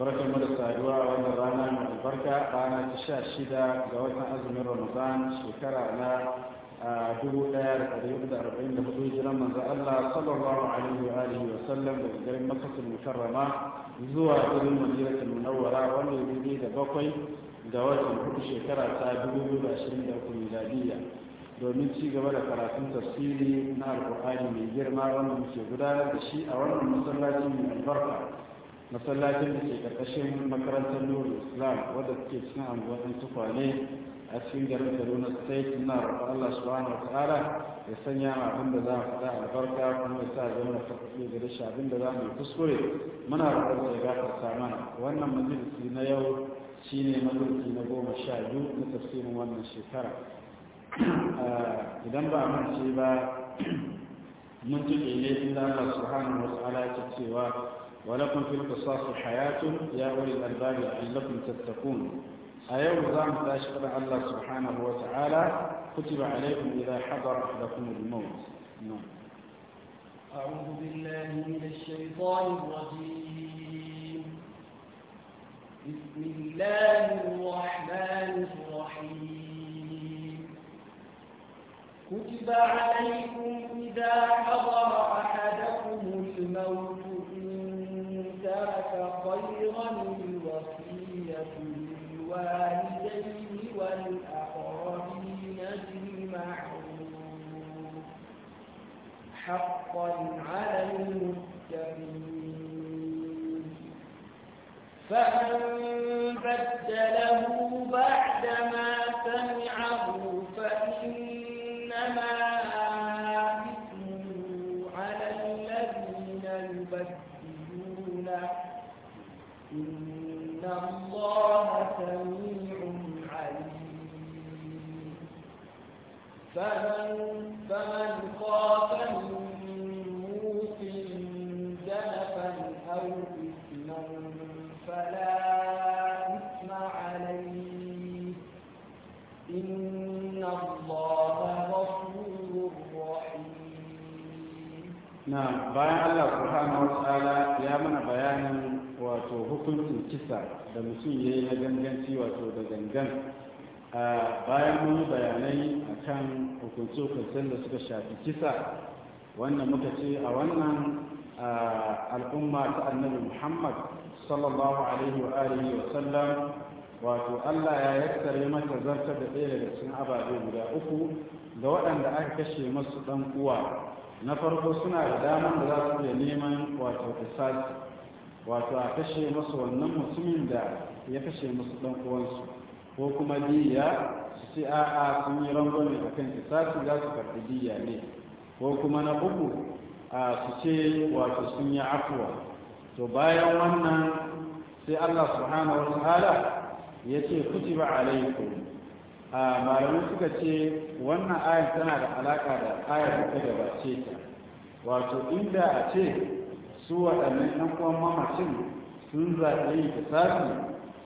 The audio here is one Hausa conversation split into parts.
barkar mu da saduwa a wannan rana mai albarka rana ta sha shida ga watan azumin ramadan shekara na dubu ɗaya da ɗari da arba'in da hudu jiran manzo Allah sallallahu alaihi wa alihi wa sallam daga garin makasul mukarrama zuwa garin madinatul munawwara wanda ya dubi da bakwai ga watan hudu shekara ta dubu biyu da ashirin da uku miladiyya domin ci gaba da karatun tafsiri na alƙur'ani mai girma wanda muke gudanar da shi a wannan masallaci mai albarka masallacin da ke ƙarƙashin makarantar nuru islam wadda suke cikin anguwan tukwane a cikin garin kaduna state na rafa allah subhanahu wa ta'ala ya sanya ma abin da za mu a albarka kuma ya sa zama da farfaɗe da shi abin da za mu yi kuskure muna rafa da ya gafarta mana wannan majalisi na yau shi shine majalisi na goma sha biyu na tafsirin wannan shekara ah, idan ba a mance ba mun tuɗe ne allah subhanahu wa ta'ala ya cewa ولكم في القصاص حياة يا أولي الألباب لعلكم تتقون أيوم زعم تأشكر الله سبحانه وتعالى كتب عليكم إذا حضر أحدكم الموت نعم أعوذ بالله من الشيطان الرجيم بسم الله الرحمن الرحيم كتب عليكم إذا حضر أحدكم الموت لك خيرا الوصية للوالدين والأقربين بالمعروف حقا على المتقين فمن بدله بعدما سمع bayan Allah subhanahu wa ya mana bayanin wato hukuncin kisa da mutum ya yi na ganganci wato da gangan bayan mun bayanai a kan hukunce-hukuncen da suka shafi kisa wannan muka ce a wannan al'umma ta annabi muhammad sallallahu alaihi wa wa sallam wato allah ya yassare mata zartar da ɗaya daga cikin ababe guda uku da waɗanda aka kashe masu ɗan uwa na farko suna da damar da za su iya neman wato isasi wato a kashe masu wannan mutumin da ya kashe masu ɗan uwansu ko kuma diya su ce a'a sun yi rangwame a kan kisasi za su karɓi diya ne ko kuma na uku a su ce wato sun yi afuwa to bayan wannan sai allah subhanahu wa ta'ala ya ce ba alaiku. a malamai suka ce wannan ayar tana da alaka da ayar da ta ce ta wato inda a ce su waɗannan ɗan uwan mamacin sun zaɓe yi ta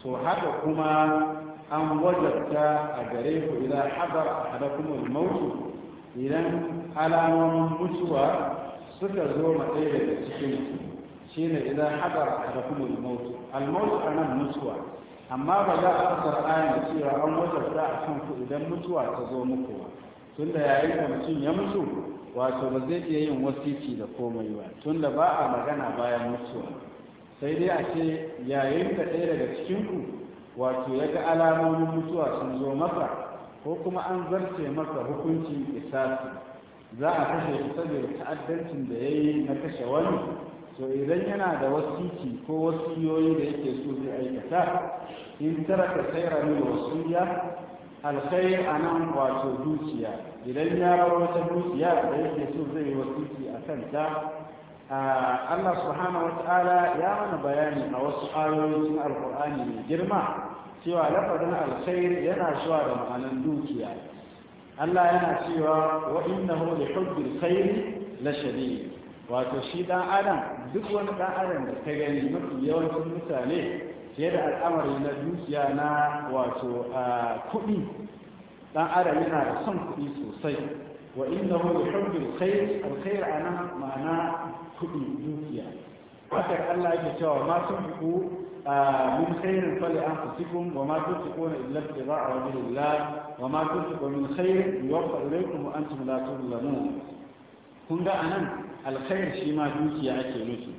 to haka kuma an wajabta a gare ku idan haɗar haɗakumul mautu idan alamomin mutuwa suka zo matsayi daga cikin shi ne idan haɗar haɗakumul mautu almautu a nan mutuwa amma ba za a fasar da cewa an wajabta a kan ku idan mutuwa ta zo muku ba tun da yayin da mutum ya mutu wato ba zai iya yin wasiki da komai ba Tunda da ba a magana bayan mutuwa sai dai a ce yayin da ɗaya daga cikin ku wato ya ga alamomin mutuwa sun zo masa ko kuma an zarce masa hukuncin isasi za a kashe shi saboda ta'addancin da ya yi na kashe wani to idan yana da wasiki ko wasiyoyi da yake so zai aikata in taraka sayra min wasiya alkhair anan wato dukiya idan ya wata dukiya da yake so zai yi wasiki a kanta Allah subhanahu ta'ala ya mana bayani a wasu ayoyin alqur'ani mai girma cewa lafarin alkhair yana zuwa da ma'anan dukiya Allah yana cewa wa innahu li hubbil khair la shadid wato shi dan adam duk wani dan adam da ka gani mafi yawancin mutane fiye da al'amari na dukiya na wato kuɗi dan adam yana da son kuɗi sosai wa innahu li hubbil khair alkhair ana ma'ana kuɗi dukiya haka Allah yake cewa ma sun fiku ah, min khairin fali anfusikum wa ma tunfiquna illa wani wajhillah wa ma tunfiqu min khairin yuwaffa ilaykum wa antum la tuzlamun kun ga anan alkhair shi ma dukiya ake nufi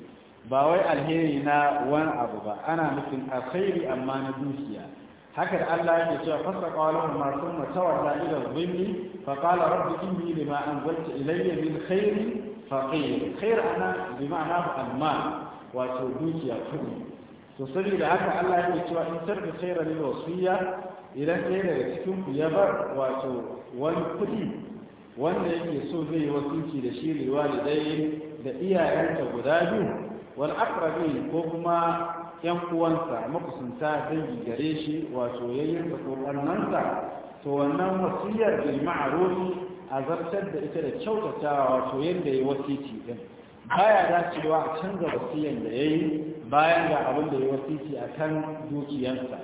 ba wai alheri na wani abu ba ana nufin alkhairi amma na dukiya haka da Allah yake cewa fasaqa lahum ma thumma tawalla ila dhilli fa qala rabbi inni lima anzalta ilayya min khairin faqir khair ana bi ma'ana wato dukiya kudi to saboda haka Allah yake cewa in tarbi khairan wasiya idan ɗaya daga cikin ku ya bar wato wani kudi wanda yake so zai yi wasinci da shi walidai da iyayenta guda biyu wal aqrabin ko kuma yan uwansa makusanta dangi gare shi wato yayin da ko to wannan wasiyar bil ma'ruf azartar da ita da kyautatawa wato yadda ya wasiti din baya dacewa a canza wasiyan da yayi yi bayan ga abin da ya wasiti a kan dukiyansa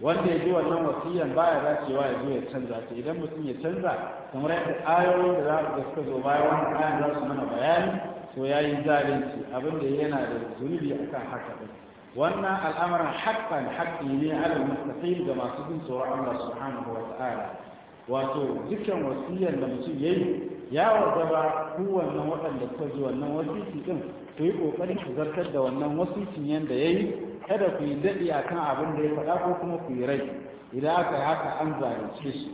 wanda ya ji wannan wasiyan baya dacewa ya zo ya canza ta idan mutum ya canza kamar yadda ayoyin da za su suka zo bayan wani ayan za su mana bayani to ya yi zalunci abin da yana da zunubi kan haka din wannan al'amarin haƙƙan haƙƙi ne alal mustaqim ga masu bin tsoron Allah subhanahu wa ta'ala wato dukkan wasiyar da mutum ya yi ya wajaba ku wannan waɗanda suka ji wannan wasiki ɗin ku yi ƙoƙarin ku zartar da wannan wasikin yadda ya yi kada ku yi daɗi a kan abin da ya faɗa ko kuma ku yi rai idan aka yi haka an zalunce shi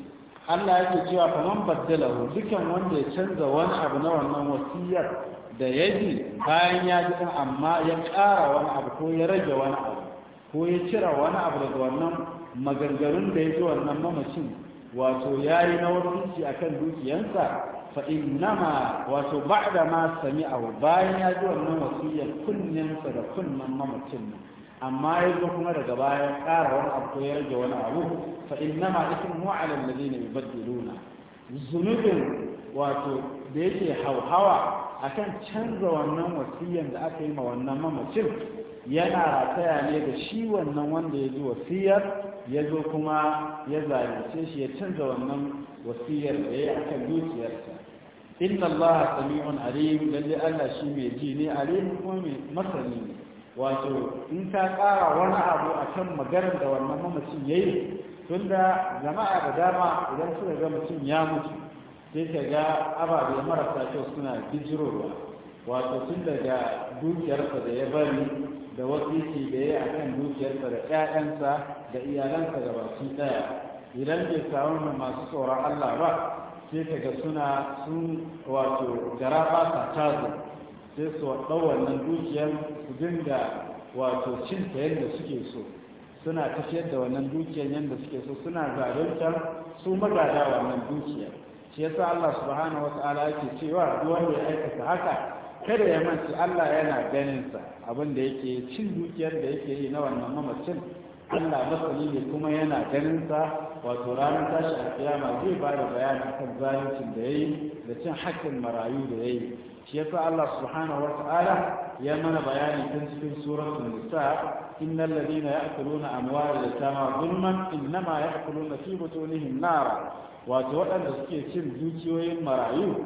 Allah yake cewa baddala baddalahu dukkan wanda ya canza wani abu na wannan wasiyar da ya yi bayan ya ji kan amma ya ƙara wani abu ko ya rage wani abu ko ya cire wani abu daga wannan maganganun da ya ji wannan mamacin wato yayi na a akan dukiyansa fa innama wato ba'da ma sami'a bayan ya ji wannan wasiyar kunnen da kunnen mamacin nan amma yanzu kuma daga bayan ƙara wani abu ya rage wani abu fa innama ismuhu ala alladhina yubaddiluna zunubin wato da yake hauhawa akan canza wannan wasiyan da aka yi ma wannan mamacin yana rataya ne da shi wannan wanda ya ji wasiyar ya zo kuma ya zalunce shi ya canza wannan wasiyar da ya kan dukiyarsa inna allaha sami'un alim lalle Allah shi mai ji ne alim kuma mai masani ne wato in ka kara wani abu a kan maganar da wannan mamacin yayi da jama'a da dama idan suka ga mutum ya mutu sai ka ga ababe marasa kyau suna bijirowa wato tun daga dukiyarsa da ya bari da wasiki da ya yi a kan dukiyarsa da 'ya'yansa da iyalansa da baki ɗaya idan bai samu masu tsoron Allah ba sai ka ga suna sun wato gara ba tazo sai su ɗau wannan dukiyar su dinga wato cin ta yadda suke so suna tafiyar da wannan dukiyar yadda suke so suna zalunta su magada wannan dukiyar shi yasa Allah subhanahu wata'ala yake cewa duk wanda ya aikata haka kada ya manci Allah yana ganinsa abinda abin da yake cin dukiyar da yake yi na wannan mamacin Allah masani ne kuma yana ganin sa wato ranar tashi a kiyama zai ba da bayani kan zaluncin da yayi da cin haƙƙin marayu da yayi shi yasa Allah subhanahu wa ta'ala ya mana bayani tun cikin suratul nisa innal ladina ya'kuluna amwala al-yatama zulman innama ya'kuluna fi butunihim nara wato waɗanda suke cin dukiyoyin marayu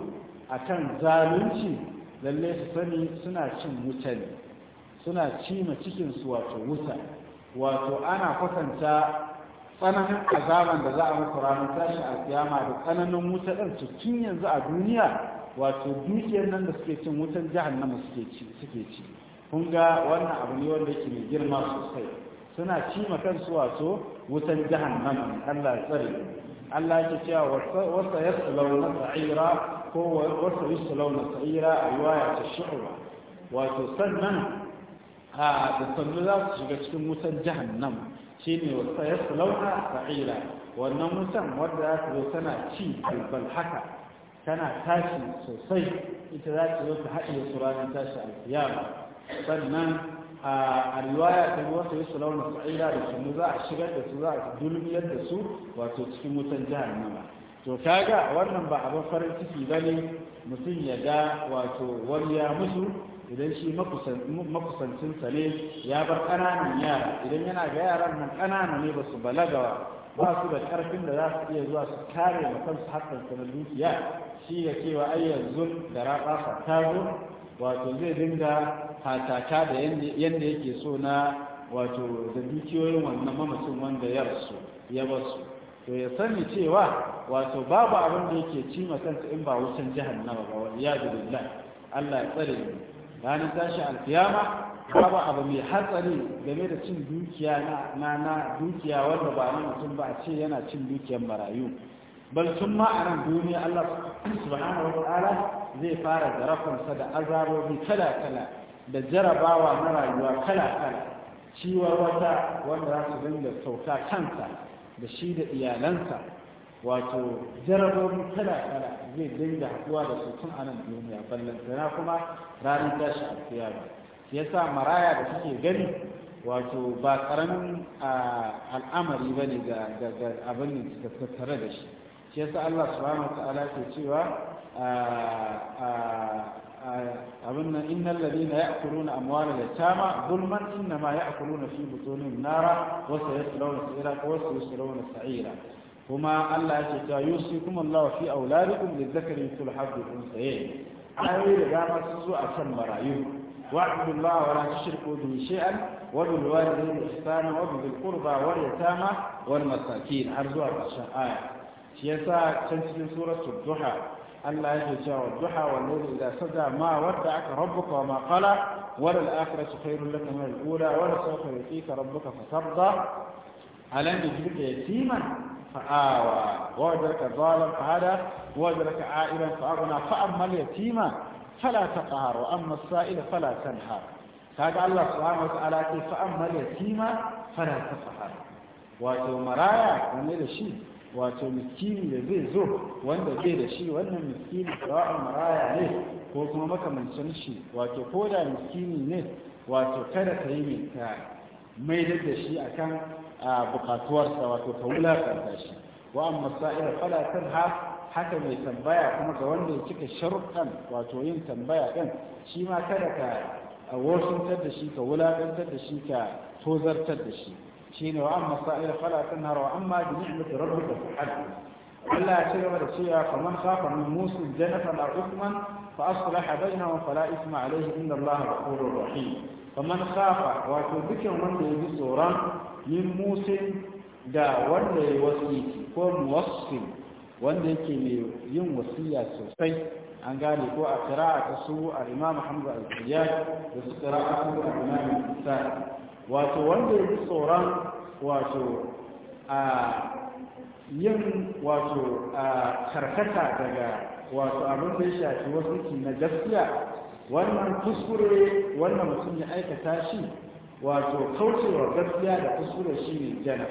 akan zalunci lalle su sani suna cin wuta suna cima cikin su wato wuta wato ana kwatanta tsananin azaban da za a mutu ranar a siyama da tsananin wuta ɗin su tun yanzu a duniya wato dukiyar nan da suke cin wutan jahannama suke ci suke ci kun ga wannan abu ne wanda yake mai girma sosai suna ci ma kansu wato wutan jahannama Allah ya tsare Allah ya cewa wasa yaslawna sa'ira ko wasa yaslawna sa'ira a riwaya ta shi'ura wato sannan a da sannu za su shiga cikin wutan jahannam shine su sayaslawha sa'ira wannan wutan wadda za ta zo tana ci albal haka tana tashi sosai ita za ta zo ta haɗe su ranar tashi alfiyama. sannan a riwaya ta wasu su launa sa'ira da sannu za a shigar da su za a dulmiyar da su wato cikin wutan jahannama to kaga wannan ba abin farin ciki ne mutum ya ga wato wani ya musu idan shi makusancinsa ne ya bar ƙananan yara idan yana ga yaran nan ƙanana ne ba su balagawa ba su da ƙarfin da za su iya zuwa su kare ma kansu haƙƙinsa na dukiya shi da cewa ai yanzu da raɓasa ta zo wato zai dinga hataka da yadda yake so na wato da dukiyoyin wannan mamacin wanda ya rasu ya basu to ya sani cewa wato babu abin da yake ci kansa in ba wucin na ba wal iyadu Allah ya tsare mu ranar tashi alfiyama, babu abu mai hatsari game da cin dukiya na na dukiya wanda ba na mutum ba a ce yana cin dukiyar marayu bal tun ma a nan duniya Allah subhanahu wa ta'ala zai fara zarafansa da azabobi kala kala da jarabawa na rayuwa kala kala ciwon wata wanda za su dinga sauka kansa da shi da iyalansa wato jarabobi kala-kala zai dinga haɗuwa da su tun a nan duniya sana kuma ranar tashi a kiyama shi yasa maraya da suke gani wato ba ƙaramin al'amari ba ne ga abin da tare da shi shi yasa Allah subhanahu wa ta'ala ke cewa abin nan innal ladina ya'kuluna amwala al-yatama ya innama ya'kuluna fi butunihim nara wa sayaslawna ya wa sayaslawna sa'ira kuma Allah ya ce ta yusi kuma Allah fi auladikum lizzakari tul hadd unsayin ayoyi da dama sun zo a kan marayu wa'budu Allah wa la tushriku bihi shay'an wa bil walidayni ihsana wa bil qurba wal yatama wal masakin har zuwa ƙarshen aya shi yasa can cikin suratul duha Allah ya ce ta wa duha wal layli idha saja ma wadda'aka rabbuka wa ma qala wa lil akhirati khairun laka min al ula wa la sawfa yutika rabbuka fatarda alam yajidka yatiman فآوى ووجدك ظالم فهدى ووجدك عائلا فأغنى فأما اليتيم فلا تقهر وأما السائل فلا تنهر هذا الله سبحانه وتعالى فأما اليتيم فلا تقهر wato maraya game da shi wato miskini da zai zo wanda zai da shi wannan miskini sawa'an maraya ne ko kuma makamancin shi wato ko da miskini ne wato kada ka yi mai mai da shi akan a bukatuwarsa wato ta wulakanta shi wa amma sa'ira fala tanha haka mai tambaya kuma ga wanda ya cika sharuɗan wato yin tambaya ɗin shi ma kada ka wosuntar da shi ka wulaƙantar da shi ka tozartar da shi shi ne wa amma sa'ira fala tanha wa amma bi ni'mati rabbika fa'al Allah ya ci gaba da cewa faman khafa min musu janatan aw ithman fa aslaha bainahum fala isma alayhi inna Allah ghafurur rahim faman khafa wato dukkan wanda ya ji tsoron min musin da wanda ya wasiki ko muwassin wanda yake mai yin wasiya sosai an gane ko a kira'a ta su a imam Hamza al-qiyad da su kira'a su a imam isa wato wanda ya yi tsoron wato a yin wato a karkata daga wato abin da ya shafi wasu na gaskiya wannan kuskure wannan mutum ya aikata shi wato kaucewa gaskiya da kuskure ne jana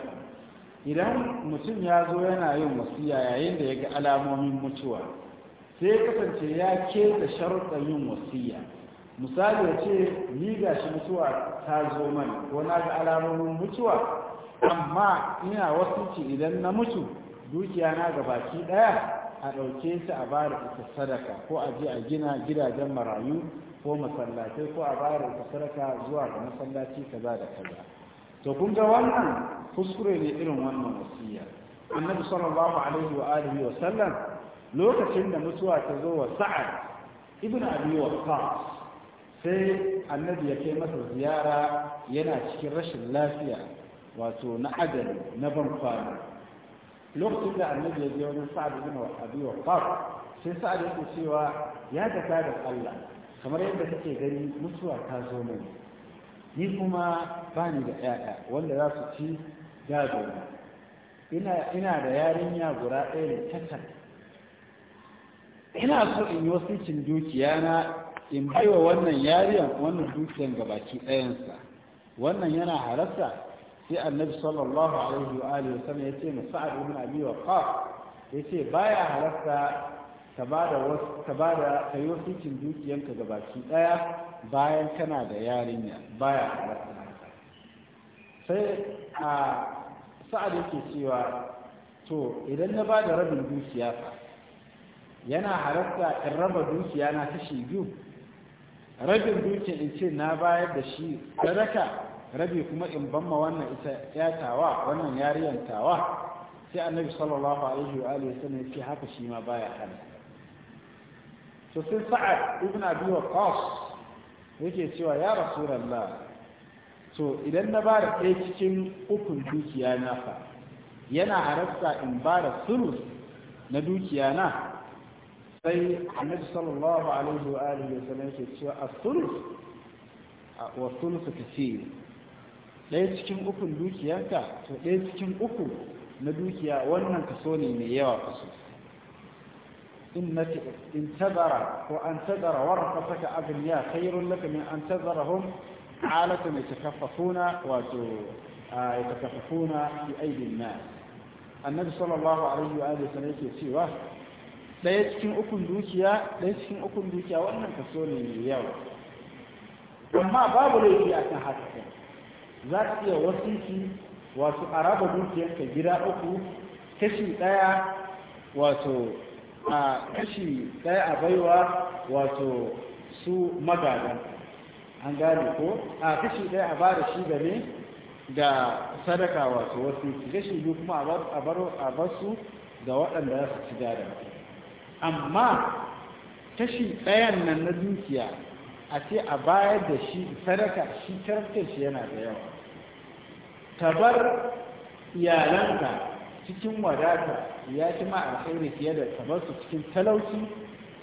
idan mutum ya zo yana yin wasiya yayin da ya ga alamomin mutuwa sai kasance ya ke da sharuɗa yin wasiya misali ya ce ni ga shi mutuwa ta zo mani ko na ga alamomin mutuwa amma ina wasu idan na mutu dukiya na ga baki ɗaya a ɗauke su a bayar ita sadaka ko a je a gina gidajen marayu ko masallatai ko a bayar ita sadaka zuwa ga masallaci kaza da kaza to kun ga wannan kuskure ne irin wannan wasiya annabi sallallahu alaihi wa alihi wa sallam lokacin da mutuwa ta zo wa sa'ad ibn abi waqqas sai annabi ya kai masa ziyara yana cikin rashin lafiya wato na ajali na ban kwana lokacin da annabi ya je wajen sa'ad bin wa waqqas sai sa'ad ya cewa ya tafi tada Allah kamar yadda kake gani mutuwa ta zo mai ni kuma ba ni da 'ya'ya wanda za su ci gado ina ina da yarinya guda ɗaya da ina so in yi wasikin dukiya na in baiwa wannan yariyan wannan dukiyan ga baki ɗayansa wannan yana halarta sai annabi sallallahu alaihi wa alihi wasallam ya ce mu sa'ad ibn abi waqqas ya ce baya halarta ka bada wasu ka bada kayo cikin dukiyanka gabaki daya bayan kana da yarinya baya halarta sai a sa'ad yake cewa to idan na bada rabin dukiya fa yana halarta in raba dukiya na kashi biyu rabin dukiya in ce na bayar da shi sadaka rabi kuma in ban ma wannan ita yatawa wannan yariyan tawa sai annabi sallallahu alaihi wa alihi yake haka shi ma baya hana to sai sa'ad ibn abi waqas yake cewa ya rasulullah to idan na ba da ɗaya cikin ukun dukiya na fa yana harasta in ba da sulus na dukiya na sai annabi sallallahu alaihi wa alihi yake cewa as-sulus wa sulusu kaseer ɗaya cikin ukun dukiyarka to ɗaya cikin uku na dukiya wannan kaso ne mai yawa kaso in tazara ko an tazara warfataka abniya khairun laka min an tazarahum alatun yatakaffafuna wato yatakaffafuna fi aibin nas annabi sallallahu alaihi wa alihi sanin yake cewa ɗaya cikin ukun dukiya ɗaya cikin ukun dukiya wannan kaso ne mai yawa amma babu laifi a kan haka za ka iya wasiki wasu a raba dukiyarka gida uku kashi ɗaya wato a kashi ɗaya a baiwa wato su magadan an gane ko a kashi ɗaya a bada shi da ne da sadaka wato wasiki kashi biyu kuma a bar su ga waɗanda za su ci gada amma kashi ɗayan nan na dukiya a ce a bayar da shi sadaka shi tarakta shi yana da yawa tabar bar iyalanka cikin wadata ya ci ma alkhairi fiye da tabar su cikin talauci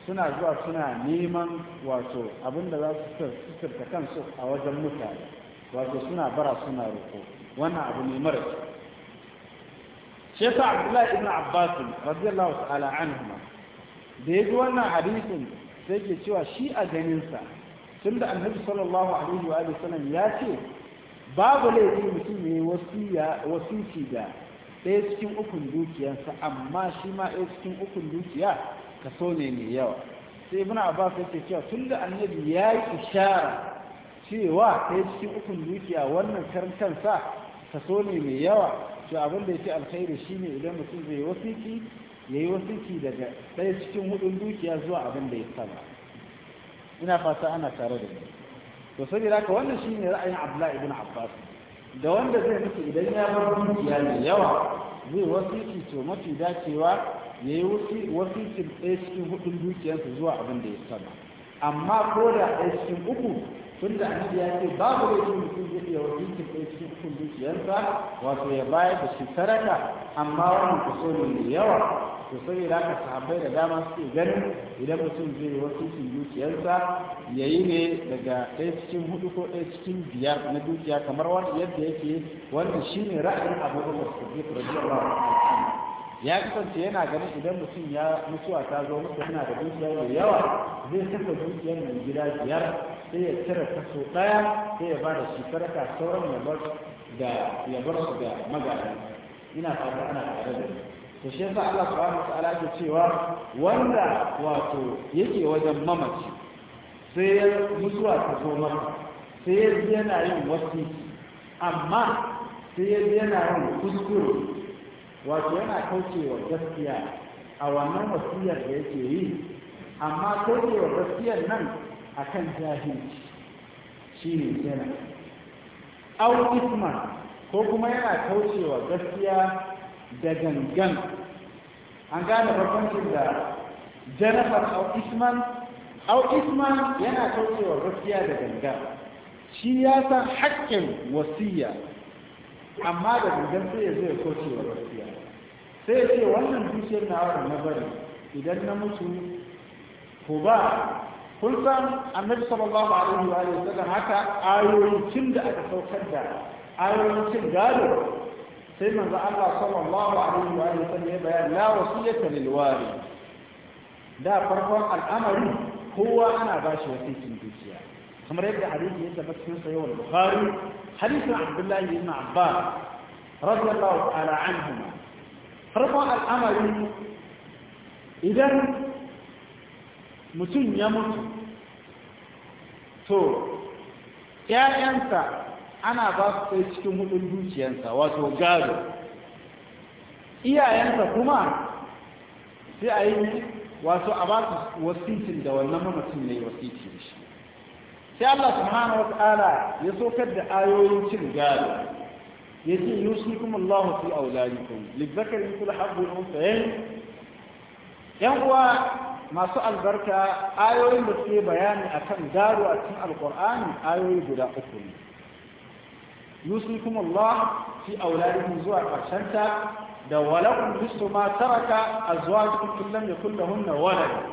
suna zuwa suna neman wato abinda za su kan kansu a wajen mutane wato suna bara suna roƙo wannan abu ne mara shi ta abdullahi ibn abbas radiyallahu ta'ala anhu da ya ji wannan hadisin sai ke cewa shi a ganinsa tunda annabi sallallahu alaihi wa sallam ya ce babu laifi mutum ya wasiya da ɗaya cikin ukun dukiyarsa amma shi ma ɗaya cikin ukun dukiya kaso ne mai yawa sai ibn abbas yake cewa tunda annabi ya yi ishara cewa ɗaya cikin ukun dukiya wannan karantansa kaso ne mai yawa to abin da yake alkhairi shine idan mutum zai wasiki yayi wasiki daga ɗaya cikin hudun dukiya zuwa abin da ya saba ina fata ana tare da ni to saboda haka wannan shine ra'ayin Abdullahi ibn Abbas da wanda zai miki idan ya bar dukiya mai yawa zai wasiki to mafi dacewa ya yi wasikin ɗaya cikin hudun dukiyarsa zuwa abin da ya sama amma ko da ɗaya cikin uku tun da annabi ya ce babu da yin mutum zai iya wasikin ɗaya cikin hudun dukiyarsa wato ya bayar da shi amma wannan kaso ne mai yawa to sai da ka sahabbai da dama suke ganin idan mutum zai yi wasu cikin dukiyarsa ya yi ne daga ɗaya cikin hudu ko ɗaya cikin biyar na dukiya kamar wani yadda yake wanda shi ne ra'ayin abubakar siddiq radiyallahu anhu ya kasance yana ganin idan mutum ya mutuwa ta zo mutum yana da dukiya mai yawa zai saka dukiyar mai gida biyar sai ya cire kaso ɗaya sai ya ba da shi sadaka sauran ya bar su ga magana ina fata ana tare da to shi yasa Allah subhanahu wataala ta cewa wanda wato yake wajen mamaci sai ya mutuwa ta zo masa sai ya yana yin wasi amma sai ya yana yin kuskure wato yana kaucewa gaskiya a wannan wasiyar da yake yi amma kaucewa gaskiyar nan akan jahilci shi ne yana au ko kuma yana kaucewa gaskiya da gangan an gane bambancin da janafar au isman au isman yana kaucewa gaskiya da ganga shi ya san haƙƙin wasiya amma da gangan sai ya zai kaucewa gaskiya sai ce wannan dukiyar na na bari idan na mutu ko ba kun san annabi sallallahu alaihi wa sallam haka ayoyin da aka saukar da ayoyin cin gado سيدنا الله صلى الله عليه وآله وسلم لا وصية للوالد. دا فرقون الأمر هو أنا باشي وسيس بيسيا كما يبدا حديث يثبت في صحيح البخاري حديث عبد الله بن عباس رضي الله تعالى عنهما رفع الامر اذا متن يموت تو يا انت ana ba su sai cikin hudun dukiyansa wato gado iyayensa kuma sai a yi wato a ba su wasitin da wannan mamacin ne wasiti da shi sai Allah subhanahu wata'ala ya sokar da ayoyin cin gado ya ce yusikum Allah fi auladikum lizzakar yi kula habbu unsayin yan uwa masu albarka ayoyin da suke bayani akan gado a cikin alqur'ani ayoyi guda uku ne yusukum Allah fi auladikum zuwa karshenta da walakum bisu ma taraka azwajukum in lam yakul lahunna walad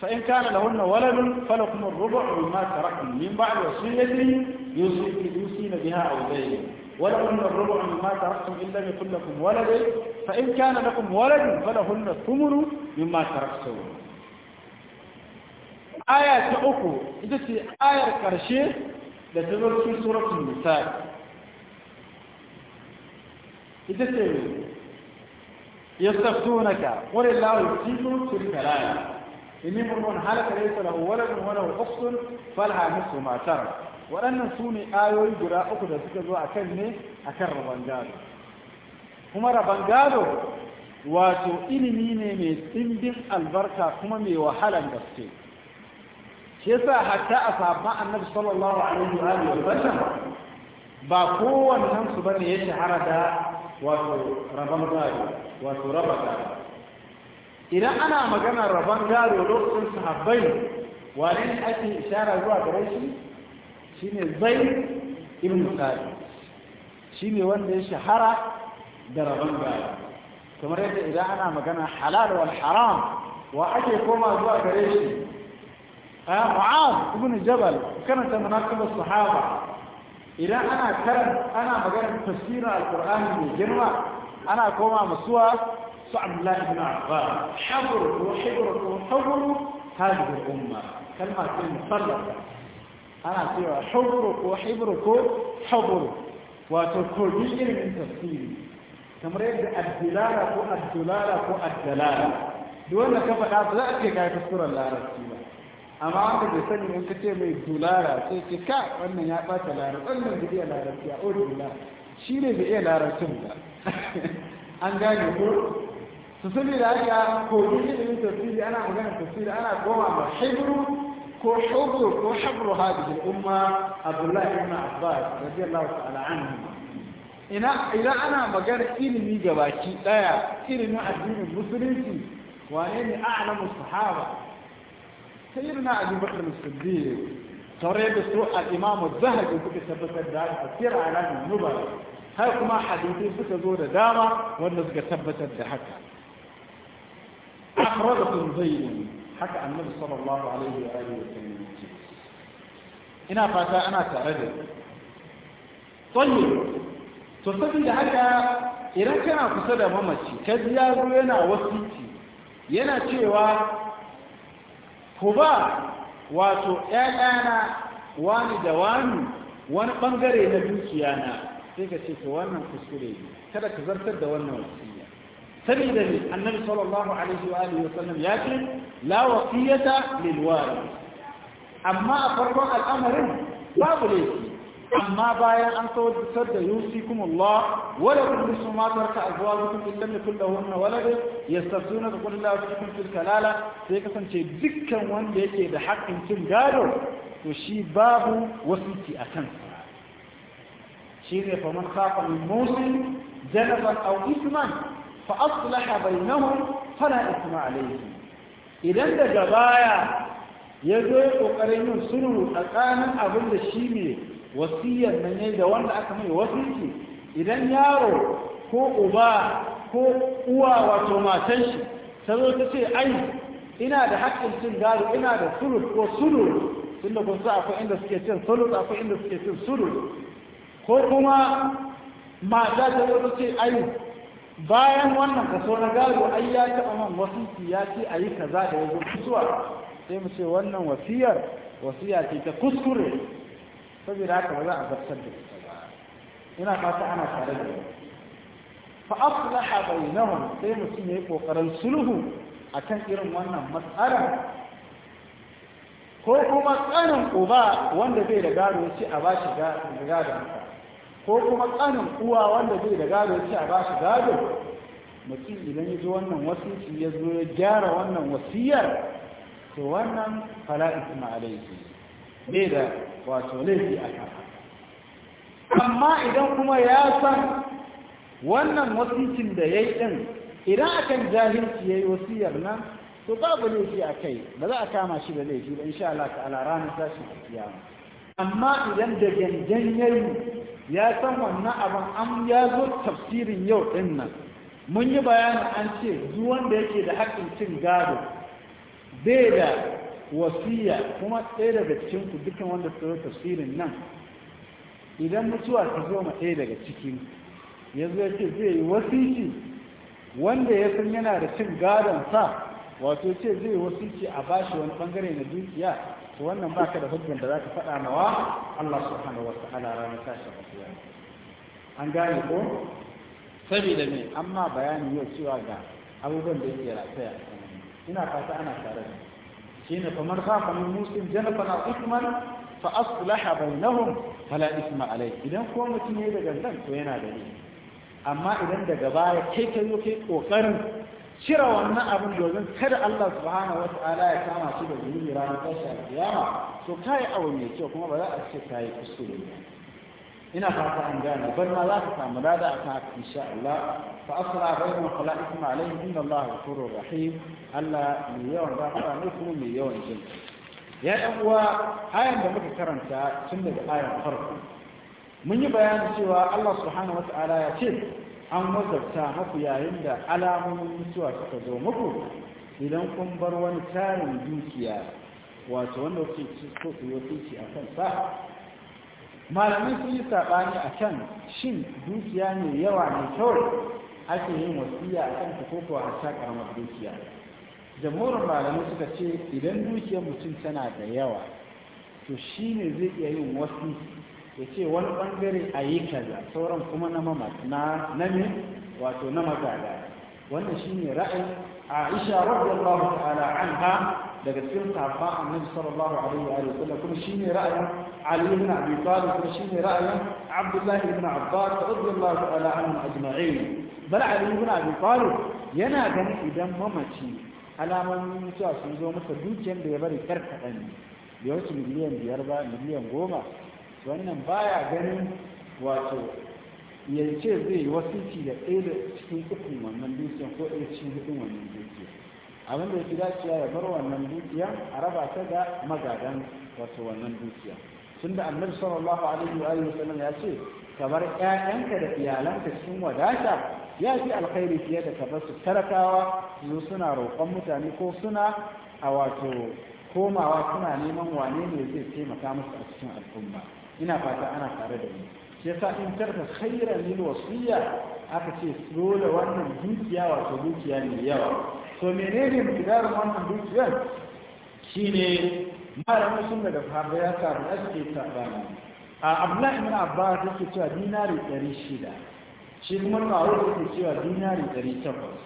fa in kana lahunna walad falakum ar-rubu' mimma tarakum min ba'di wasiyatin yusina biha ولهن الربع مما تركتم إن لم يكن لكم ولد فإن كان لكم ولد فلهن الثمن مما تركتم آية أخرى إذا آية كرشيه da ta zo cikin suratul nisa ita ce yastaftunaka qul illahu yuftikum sun kalam inni murmun halaka laysa lahu waladun wa lahu ukhtun falha nisfu ma tarak waɗannan su ne ayoyi guda uku da suka zo a kan ne akan rabon gado kuma rabon gado wato ilimi ne mai tsimbin albarka kuma mai wahalan gaske shi yasa hatta a sahabban annabi sallallahu alaihi wa sallam ba kowannen su bane ya shahara da wato rabon gado wato raba gado idan ana magana rabon gado lokacin sahabbai wani ake ishara zuwa gare shi shine zai ibn sa'id shine wanda ya shahara da rabon gado kamar yadda idan ana magana halal wal haram wa ake koma zuwa gare shi معاذ بن جبل كانت مناقب الصحابة إذا أنا كرم أنا مجال تفسير القرآن من جنوة أنا كوما مسوى صعب الله بن عباس حبر وحبر وحبر هذه الأمة كلمة المثلثة أنا سوى حبرك وحبرك حبر وتكوني من تفسيري تمريد الدلالة الدلالة الدلالة دون كفا لا تأتي كيف تذكر الله رسيلا amma wanda bai sani in ka ce mai dulara sai ce ka wannan ya ɓata larar wannan bai iya larabci a odula oh, shi ne bai iya larabcin ba an gane ko su sani da haka ko duk ilimin tafsiri ana magana tafsiri ana goma ma hibru ko hubru ko hibru hadhihi al-umma abdullahi ibn abbas radiyallahu ta'ala anhu ina idan ana magana ilimi gabaki daya ilimin addinin musulunci wane ne a'lamu sahaba sayyidina abu bakar musulmi tare da su al'imamu zahabi kuka tabbatar da a tsira a ranar nubara har kuma hadithai suka zo da dama wanda suka tabbatar da haka akhrajakum zayd haka annabi sallallahu alaihi wa alihi wa sallam ina fata ana tare da tayyib to saboda haka idan kana kusa da mamaci kaji yana wasiti yana cewa huba wato ‘ya'yana wani da wani wani ɓangare na dukiya na sai ka ce ka wannan kuskure ne kada ka zartar da wannan wasiya saboda ne annabi sallallahu alaihi wa alihi wasallam ya ce la wasiyata lil wari amma a farkon al'amarin babu laifi amma bayan an sautar da yusikum Allah wala kullu sumatar ka azwajukum illa li kullahunna walad yastaftunaka qul la yusikum fil kalala sai kasance dukkan wanda yake da haƙƙin cin gado to shi babu wasu a akan. shi ne fa man khafa min musin janaban aw isman fa aslaha bainahum fala isma alayhi idan daga baya ya zo ƙoƙarin yin sulhu tsakanin abin da shi ne wasiyar nan ne da wanda aka mai wasiyyi idan yaro ko uba ko uwa wato matan shi ta zo ta ce ai ina da haƙƙin cin gado ina da sulus ko sulus tunda kun sa akwai inda suke cin sulus akwai inda suke cin sulus ko kuma mata ta zo ta ce ai bayan wannan kaso na gado ai ya taɓa man wasiki ya ce a yi kaza da ya zo kusuwa sai mu ce wannan wasiyar wasiyar ce ta kuskure saboda haka ba za a zartar da ita ba ina fata ana tare da yau fa aslaha bainahum sai mutum yayi kokarin sulhu akan irin wannan matsalar? ko kuma tsanin uba wanda bai da gado ci a ba bashi gado ko kuma tsanin uwa wanda bai da gado ci a ba shi gado mutum idan ya zo wannan wasiki ya zo ya gyara wannan wasiyar to wannan fala isma alaihi bai da wato laifi a kafa amma idan kuma ya san wannan wasikin da ya yi idan akan jahilci ya yi wasiyar nan to babu laifi a kai ba za a kama shi da laifi ba insha Allah ta'ala ranar kiyama amma idan da gangan ya yi ya san wannan abin an ya zo tafsirin yau ɗin nan mun yi bayanin an ce duk wanda yake da haƙƙin cin gado bai da wasiya kuma ɗaya daga cikin ku dukkan wanda suka yi tafsirin nan idan mutuwa ta zo ma ɗaya daga cikin ya zo ya ce zai yi wasiki wanda ya san yana da cin gadon sa wato ce zai yi wasiki a bashi wani bangare na dukiya to wannan baka da hujjan da za ka faɗa nawa Allah subhanahu wa ta'ala ranar tashin ya, an gane ko saboda me amma bayani yau cewa ga abubuwan da yake rataya ina fata ana tare da shine kamar khafa min muslim janafan aw ithman fa aslaha bainahum fala alai idan ko mutum ya daga zan to yana da ni. amma idan daga baya kai kai zo kokarin cire wannan abin domin kada Allah subhanahu wata'ala ya kama shi da zunubi ranar tashin kiyama to kai abu mai kyau kuma ba za a ce kai kuskure ina fata an gane bar ma za ka samu lada akan haka insha Allah فأسرع بين خلائكم عليه إن الله غفور رحيم ألا مليون رحمة نكم مليون جنة يا أبوا آية بمك كرنتا سنة آية خرق من يبين سوى الله سبحانه وتعالى يتيب أن وزبتا مكو يا هند على من سوى تكزو مكو إذن كن بروان wani tarin dukiya wato wanda kuke so ku yi sun yi saɓani a can shin dukiya ne yawa ne kyau ake yin wasiya a kan ko a ta karamar dukiya jamhurin malamai suka ce idan dukiyar mutum tana da yawa to shi ne zai iya yin wasu ya ce wani bangare a yi kaza sauran kuma na na nami wato na magada wannan shi ne ra'ayi ra'ayin aisha radiyallahu ta'ala ha daga cikin sahabban annabi sallallahu alaihi wa sallam kuma ne ra'ayin ali ibn abi talib kuma ne ra'ayin abdullah ibn abbas radiyallahu ta'ala anhum ajma'in bala ali ibn abi yana gani idan mamaci alamomin mutuwa sun zo masa dukiyar da ya bari kar kaɗan ne da wuce miliyan biyar ba miliyan goma wannan baya ganin wato ya ce zai yi wasiki da ɗaya da cikin ukun wannan dukiyar ko ɗaya cikin hudun wannan dukiyar abin da ya fi dacewa ya bar wannan dukiyar a raba ta da magadan wato wannan dukiyar tun da annabi sallallahu alaihi wa sallam ya ce kamar ƴaƴanka da iyalanka cikin wadata ya fi alkhairi fiye da ka su tarakawa su suna roƙon mutane ko suna a wato komawa suna neman wane ne zai taimaka musu a cikin al'umma ina fata ana tare da ni shi yasa in tarka khaira lil wasiya aka ce dole wannan dukiya wato dukiya ne yawa to menene midarin wannan dukiyar shine malamin sun daga sahabbai ya da ake tabana a abdullahi ibn abbas yake cewa dinari 600 shi kuma ƙaro da ke cewa dinari ɗari takwas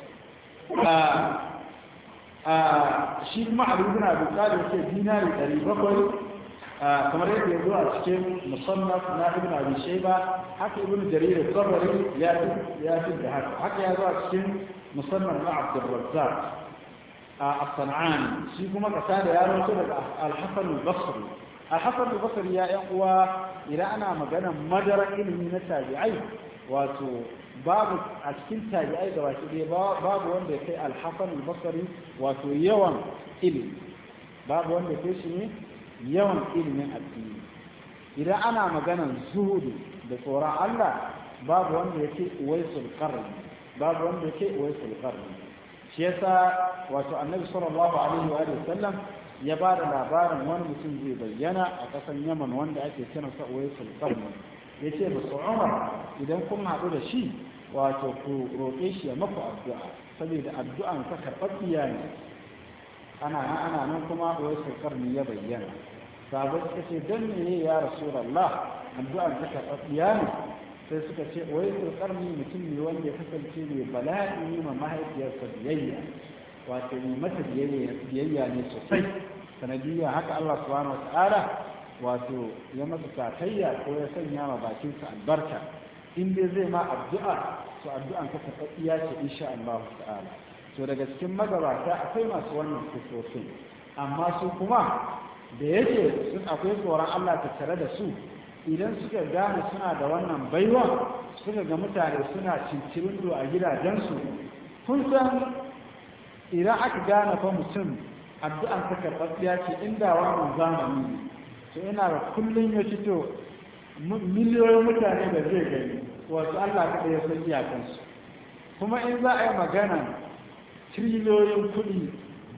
a shi kuma abin na buƙatar ke dinari ɗari bakwai kamar yadda ya zo a cikin musannaf na ibn abi shayba haka ibn jarir al-tabari ya ya da haka haka ya zo a cikin musannaf na abd al-razzaq a sanani shi kuma kasa da ya rawaito daga al-hasan al-basri al-hasan al-basri ya yan uwa idan ana magana madara ilimi na tabi'ai wato babu a cikin tabi'ai da baki ɗaya babu wanda ya kai alhassan albasari wato yawan ilimi babu wanda ya kai shi ne yawan ilimin addini idan ana maganan zuhudu da tsoron allah babu wanda ya kai uwaisul karni babu wanda ya kai uwaisul karni shi yasa wato annabi sallallahu alaihi wa sallam ya ba da labarin wani mutum zai bayyana a ƙasan yaman wanda ake sa uwaisul karni ya ce musu umar idan kun haɗu da shi wato ku roƙe shi ya maku addu'a saboda addu'an ka karɓaɓɓiya ne ana nan ana nan kuma wai saukar ne ya bayyana sabo suka ce don ne ya rasu rasulallah addu'an ka karɓaɓɓiya ne sai suka ce wai saukar ne mutum ne wanda ya kasance mai bala'i ma mahaifiyarsa biyayya wato ne mata biyayya ne sosai sanadiyya haka Allah subhanahu wa ta'ala wato ya masa satayya ko ya sanya ma bakinsa albarka in dai zai ma addu'a to addu'an ka iya ce insha Allah ta'ala to daga cikin magabata akwai masu wannan sifofin amma su kuma da yake sun akwai tsoron Allah ta tare da su idan suka gane suna da wannan baiwa suka ga mutane suna cincirin a gidajensu kun san idan aka gane fa mutum addu'an ta ce inda wannan zamani sai yana da kullum ya to miliyoyin mutane da zai gani wasu Allah ta ya san iyakansu kuma in za a yi magana triliyoyin kuɗi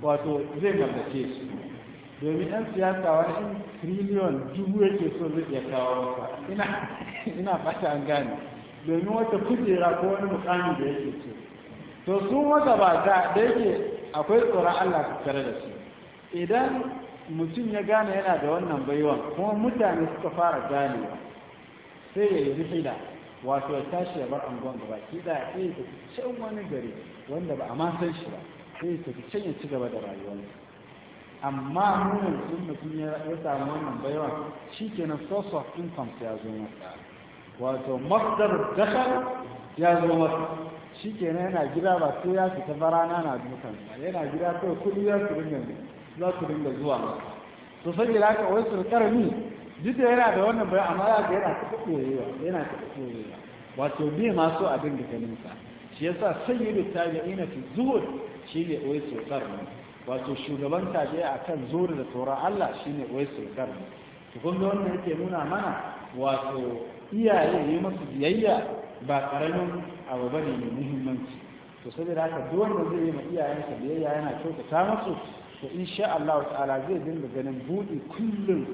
wato zai mallake su domin yan siyasa wani triliyon dubu yake so zai iya kawo wasa ina fata an gane domin wata kujera ko wani mukami da yake ce to su magabata da yake akwai tsoron Allah su tare da su idan mutum ya gane yana da wannan baiwan kuma mutane suka fara gane sai ya yi hila wato ya tashi ya bar angon gaba ki da ya yi tafi can wani gari wanda ba a ma san shi ba sai ya tafi can ya ci gaba da rayuwarsa amma munin sun mutum ya samu wannan baiwan shi kenan source of income ya zo masa wato masdar dakar ya zo masa shi kenan yana gida ba sai ya fita barana na dukansa yana gida kawai kudi ya su ringa za su dinga zuwa masa to da haka wai su karami duk da yana da wannan bayan amma za ga yana ta koyewa yana ta koyewa wato bai ma so a dinga ganin sa shi yasa sayyidu tabi'ina fi zuhud ne wai su karami wato shugaban a kan zuhud da tsoron Allah shi ne wai su karami to kun ga wannan yake nuna mana wato iyaye yi masu biyayya ba karamin abu bane mai muhimmanci to saboda haka duk wanda zai yi ma iyayensa biyayya yana kyautata masu to insha Allah ta'ala zai dinga ganin buɗe kullum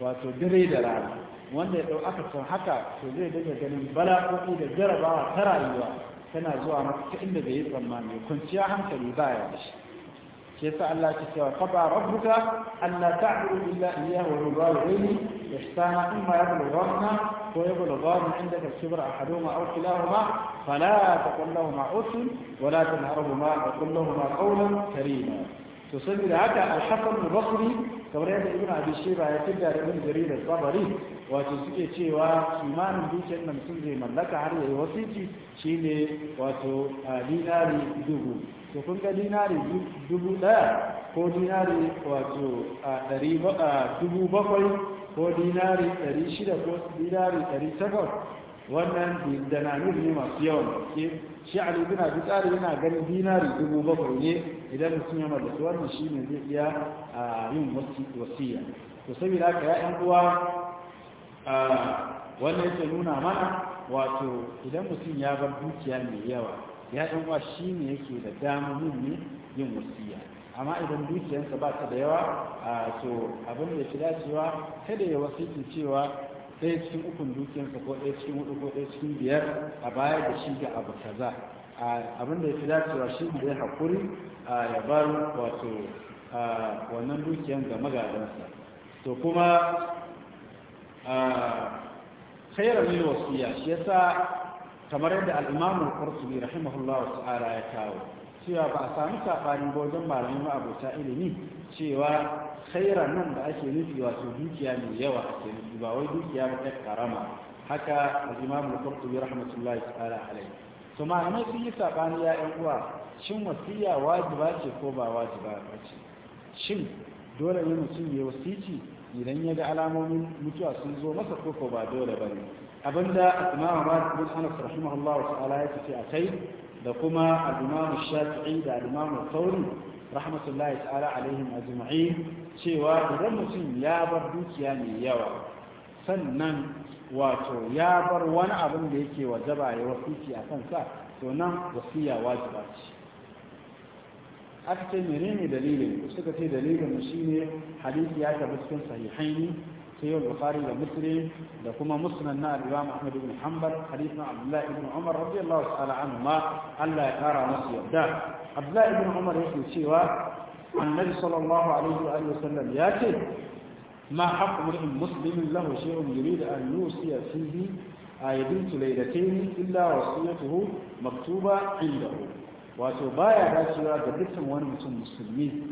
wato dare da rana wanda ya ɗau aka san haka to zai dinga ganin bala'o'i da jarabawa ta rayuwa tana zuwa masa ta inda bai yi tsammani kwanciya hankali ba ya shi ke sa Allah ke cewa kafa rabbuka Allah ta'budu illa iyyahu wa bil walidayni ihsana imma yablughanna ko yablughanna indaka al-kibra ahaduhuma aw kilahuma fala taqul lahumā uff wa la tanharhumā wa qul lahumā qawlan karīmā to saboda haka al-hasan al-basri kamar yadda ibnu abi shayba ya tidda da ibnu jarir al-sabari wato suke cewa kimanin dukiyar nan mutum zai mallaka har yayi wasiki shine wato dinari dubu to kun ga dinari dubu daya ko dinari wato ɗari dubu bakwai ko dinari dari shida ko dinari dari takwas wannan dinanir ne masu yawan shi a bin tsari yana ganin dinari dubu bakwai ne idan mutum ya mallaki wannan shi ne zai iya yin wasiya to saboda haka ya'yan uwa wannan yake nuna mana wato idan mutum ya bar dukiya mai yawa ya'yan uwa shi ne yake da damar ne yin wasiya amma idan dukiyarsa ba ta da yawa to abin da ya fi dacewa kada ya wasiki cewa ɗaya cikin ukun dukiyarsa ko ɗaya cikin hudu ko ɗaya cikin biyar a baya da shi ga abu kaza abin da ya fi dacewa shi da ya haƙuri ya bar wato wannan dukiyar ga magadansa to kuma khairar lil wasiya shi yasa kamar yadda al-imamu rahimahullah qurtubi ta'ala ya kawo cewa ba a sami sabanin gojen malamin ma'abota ilimi cewa khaira nan da ake nufi wato dukiya mai yawa ake nufi ba wai dukiya ba ta karama haka al-imam al-qurtubi rahmatullahi ta'ala alayhi to sun yi sabani ya yan uwa shin wasiya wajiba ce ko ba wajiba ba ce shin dole ne mutum ya wasici idan ya ga alamomin mutuwa sun zo masa ko ko ba dole ba ne abinda imam malik bin anas rahimahullahu ta'ala ya ce a kai da kuma al-imam shafi'i da al-imam al-thawri rahmatullahi ta'ala alaihim ajma'i cewa idan mutum ya bar dukiya mai yawa sannan wato ya bar wani abin da yake wajaba ya wasiki a kansa to nan wasiya wajiba ce aka ce menene dalilin suka ce dalilin shine hadisi ya tabbata cikin sahihaini sai yau bukhari da muslim da kuma musnad na al-imam ahmad ibn hanbal hadisin abdullah ibn umar radiyallahu ta'ala anhu ma Allah ya kara masa yadda abdullahi ibn umar yake cewa annabi sallallahu alaihi wa sallam ya ce ma haqqu mu'min muslimin lahu shay'un yurid an yusiya fihi ayyidin tulaydatain illa wasiyatuhu maktuba indahu wato baya dacewa ga dukkan wani mutum musulmi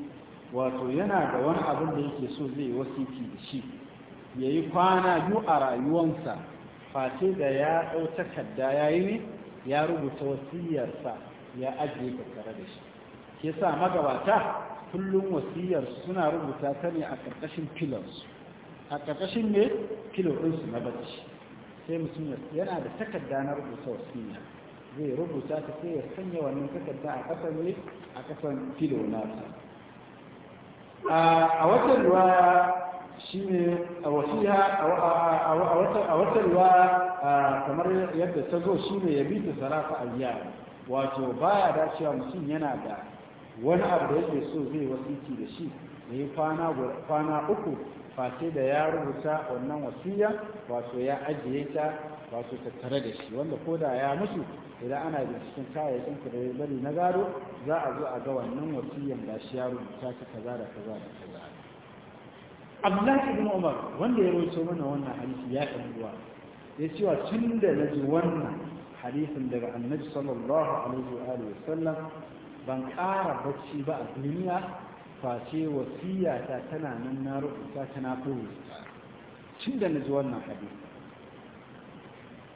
wato yana da wani abin da yake so zai wasiki da shi yayi kwana biyu a rayuwansa face da ya ɗau takarda ya yi ne ya rubuta wasiyarsa ya ajiye tattare da shi ke sa magabata kullum wasiyar suna rubuta ta ne a ƙarƙashin filansu a ƙarƙashin ne filorinsu na bacci sai mutum yana da takarda na rubuta wasiyar, zai rubuta ta sai ya sanya wannan takarda a ƙasar ne a ƙasar filo nasa a watan ruwa shi ne a wasiya a watan ruwa kamar yadda ta zo shi ne ya bi ta sarafa a yara wato baya dacewa mutum yana da wani abu da yake so zai wasiki da shi da yi kwana uku face da ya rubuta wannan wasiya wato ya ajiye ta wato tattare da shi wanda ko da ya mutu idan ana binciken kayayyakin ku da bari na gado za a zo a ga wannan wasiyan da shi ya rubuta ta kaza da kaza da kaza Abdullahi ibn Umar wanda ya rawaito mana wannan hadisi ya ɗan uwa ya cewa tun da na wannan hadisin daga annabi sallallahu alaihi wa alihi wasallam ban ƙara bacci ba a duniya face wasiyata tana nan na rubuta tana koyi tun da na ji wannan hadisi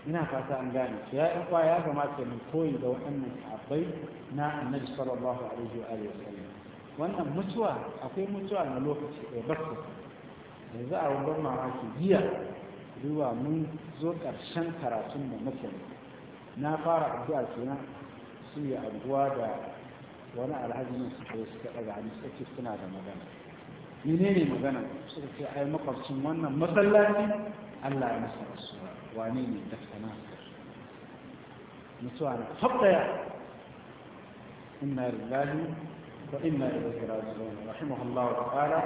ina fata an gane ya yan kwa ya kamata mu koyi da waɗannan sahabbai na annabi sallallahu alaihi wa alihi wasallam wannan mutuwa akwai mutuwa na lokaci ɗaya bakku za a wani mamaki jiya zuwa mun zo ƙarshen karatun da muke na fara addu'a kenan sun yi addu'a da wani alhaji ne suka yi suka ɗaga hannu suka ce suna da magana mene ne magana suka ce ai makwabcin wannan masallaci Allah ya masa rasuwa wane ne da sana mutuwa na haɓɗaya inna lillahi wa inna ilaihi raji'un rahimahullahu ta'ala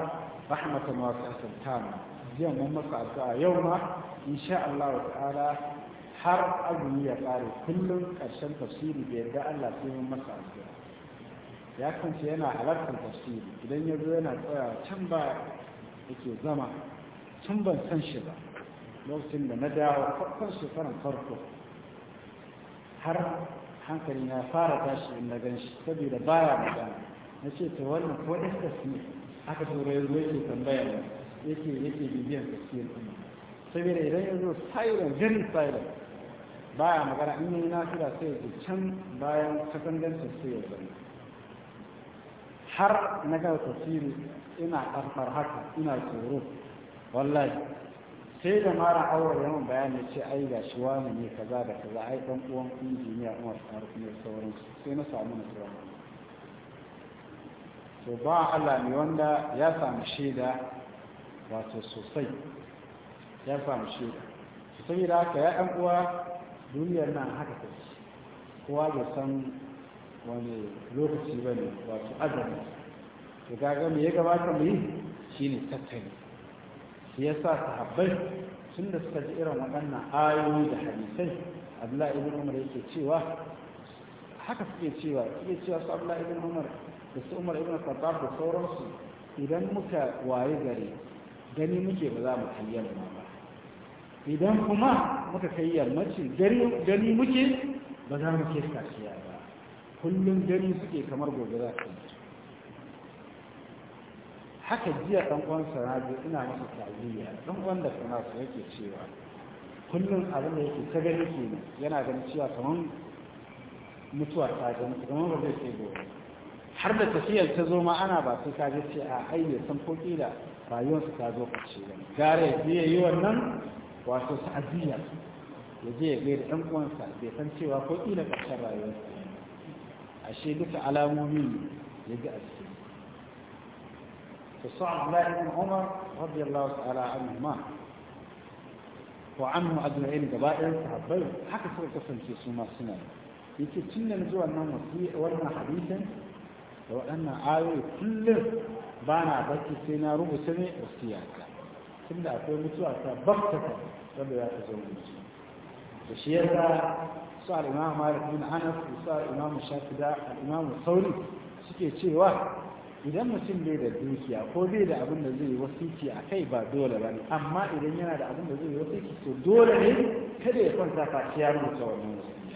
rahmatan wasi'atan tamma zai mun masa addu'a yau ma insha Allah ta'ala har azumi ya kare kullum ƙarshen tafsiri da yadda Allah sai mun masa addu'a ya kance yana halartar tafsiri idan ya zo yana tsaya can ba yake zama tun ban san shi ba lokacin da na dawo farkon shekarar farko har hankali na fara tashi na gan shi saboda baya magana na ce ta wannan ko estas ne aka tura yanzu yake tambaya yake yake bibiyar tafsirin ɗin saboda idan ya zo silent very silent baya magana in yi nafila sai ya can bayan sakandansa su ya zama har na ga tafsiri ina karfar haka ina tsoro wallahi sai da mara aure yawan bayani ce ai ga shi wani ne kaza da kaza ai dan uwan injiniya Umar Faruk ne sauran sai na samu nutsuwa to ba Allah ne wanda ya samu shaida wato sosai ya samu shaida saboda haka ya ɗan uwa duniyar nan haka ta kowa da san wani lokaci ba ne wato azumi Da gaga me ya gabata mu yi Shi ne, tattali shi sa sahabbai tun da suka ji irin waɗannan ayoyi da hadisai Abdullahi ibn Umar yake cewa haka suke cewa suke cewa su Abdullahi ibn Umar da su Umar ibn Khattab da sauransu idan muka waye gari gani muke ba za mu kayyana ba idan kuma muka kai yammacin gani muke ba za mu ke kashiya ba kullum gani suke kamar gobe za su yi. haka jiya ɗan uwan sanadu ina masa tajiya ɗan uwan da sanadu yake cewa kullum abin da yake ta gani ne yana ganin cewa kamar mutuwa ta gani kamar ba zai sai gobe har da tafiyar ta zo ma ana ba sai ka ce a ai san ko kila rayuwarsa ta zo ƙarshe ba gare ya yi wannan wato ta'aziyya ya je ya gaida ɗan uwansa bai san cewa ko ila ƙarshen rayuwarsa ashe duka alamomi ya ji a cikin to sa'ad ibn umar radiyallahu ta'ala anhu ma wa anhu ajma'in gaba ɗayan sahabbai haka suka kasance su ma suna yake tun zuwa nan wasiya wannan hadisin da waɗannan ayoyi kullum ba na baki sai na rubuta ne tunda akwai mutuwa ta baktaka wanda ya ta zo mutu da shi yasa su al-imam Malik bin Anas su al-imam Shafi da imam Sauri suke cewa idan mutum bai da dukiya ko bai da abin da zai yi wasiki a kai ba dole ba ne amma idan yana da abin da zai yi wasiki to dole ne kada ya kwanta fashi ya rubuta wannan wasiki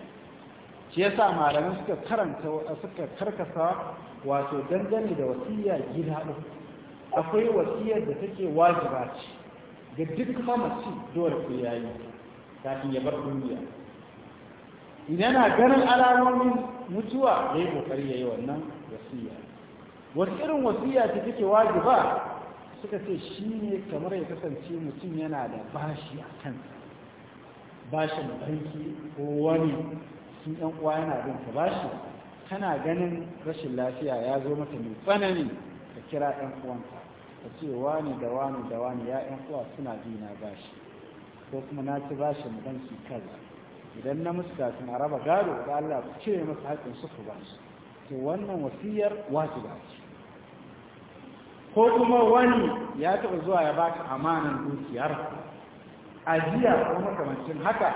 shi yasa malaman suka karanta suka karkasa wato dangane da wasiya gida uku akwai wasiyar da take wajiba ce ga duk mamaci dole ya yayi kafin ya bar duniya idan na ganin alamomin mutuwa ya yi kokari ya yi wannan wasiya wasu irin wasiya ce take wajiba suka ce shi ne kamar ya kasance mutum yana da bashi a kansa bashin banki ko wani sun yan uwa yana bin ka bashi kana ganin rashin lafiya ya zo mata mai tsanani ka kira yan uwanka ka ce wani da wani da wani ya yan uwa suna ji na bashi ko kuma na ci bashi mu kaza idan na musu kafin a raba gado da Allah ku cire masa haƙƙin su ku to wannan wasiyar wajiba ce ko kuma wani ya taɓa zuwa ya baka amanan dukiyar ajiya ko makamancin haka